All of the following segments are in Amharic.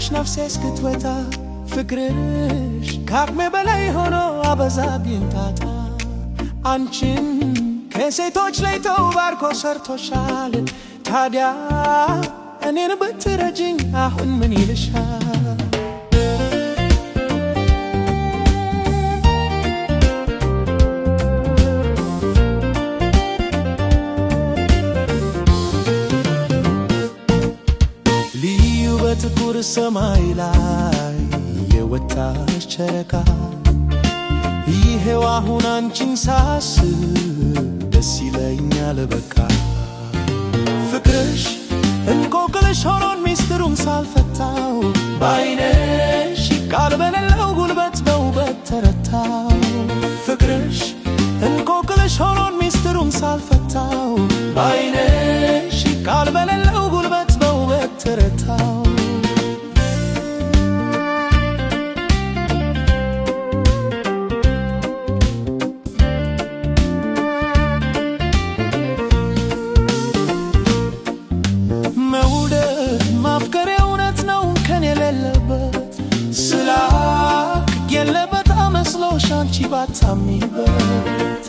ከጎንሽ ነፍሴ እስክትወጣ ፍቅርሽ ከአቅሜ በላይ ሆኖ አበዛ ቢንታታ አንቺን ከሴቶች ለይተው ባርኮ ሰርቶሻል። ታዲያ እኔን ብትረጅኝ አሁን ምን ይልሻል? ጥቁር ሰማይ ላይ የወጣች ጨረቃ ይሄው አሁን አንቺን ሳስብ ደስ ይለኛል በቃ ፍቅርሽ እንቆቅልሽ ሆኖን ሚስጥሩን ሳልፈታው ባይነሽ ቃል በሌለው ጉልበት በውበት ተረታው ፍቅርሽ እንቆቅልሽ ሆኖን ሚስጥሩን ሳልፈታው አንቺ ባታሚበት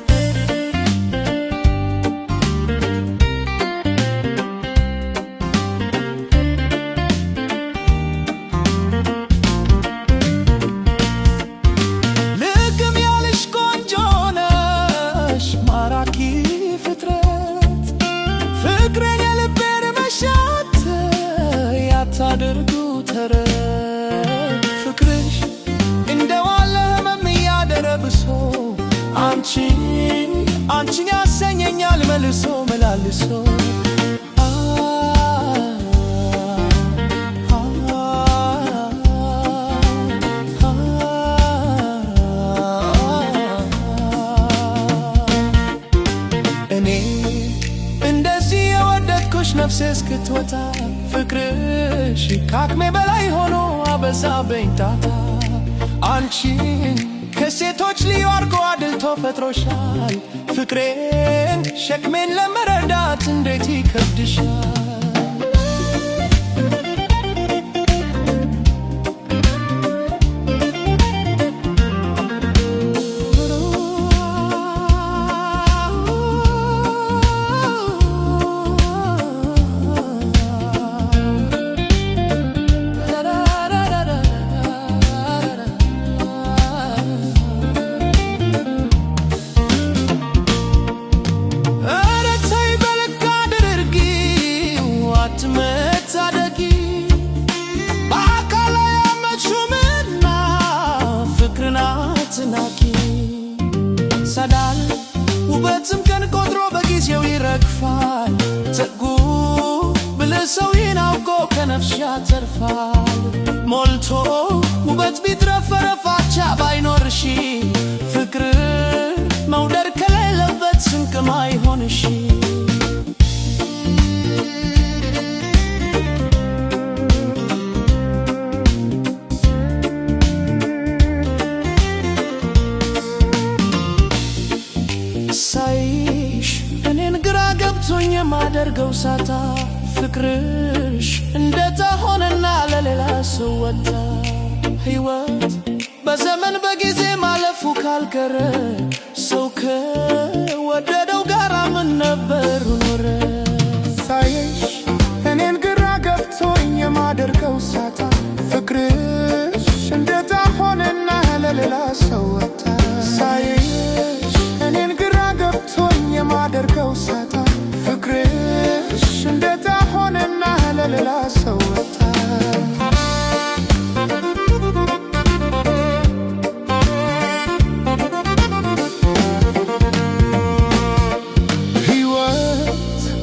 ልግም ያልሽ ቆንጆ ማራኪ ፍጥረት ፍቅሬን የልቤን ተረት አንቺን አንቺን ያሰኘኛል መልሶ መላልሶ እኔ እንደዚህ የወደድኩሽ ነፍሴ እስክትወጣ ፍቅርሽ ካቅሜ በላይ ሆኖ አበዛበኝ ጣጣ አንቺን ከሴቶች ልዩ አርጎ አድልቶ ፈጥሮሻል። ፍቅሬን ሸክሜን ለመረዳት እንዴት ይከብድሻል። ይረግፋል ተጉ ብለህ ሰው ይናውቆ ከነፍስ ያተርፋል ሞልቶ ውበት ቢትረፍ ፈረፋቻ ባይኖር እሺ ፍቅር መውደድ ከሌለበት ስንቅም አይሆን እርሶኝ የማደርገው ሳታ ፍቅርሽ እንደተሆነና ለሌላ ሰው ወጣ ህይወት በዘመን በጊዜ ማለፉ ካልቀረ ሰው ከወደደው ጋራ ምን ነበሩ ሌላ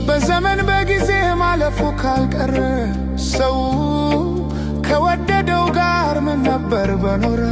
በዘመን በጊዜ ማለፉ ካልቀረ ሰው ከወደደው ጋር ምን ነበር በኖረ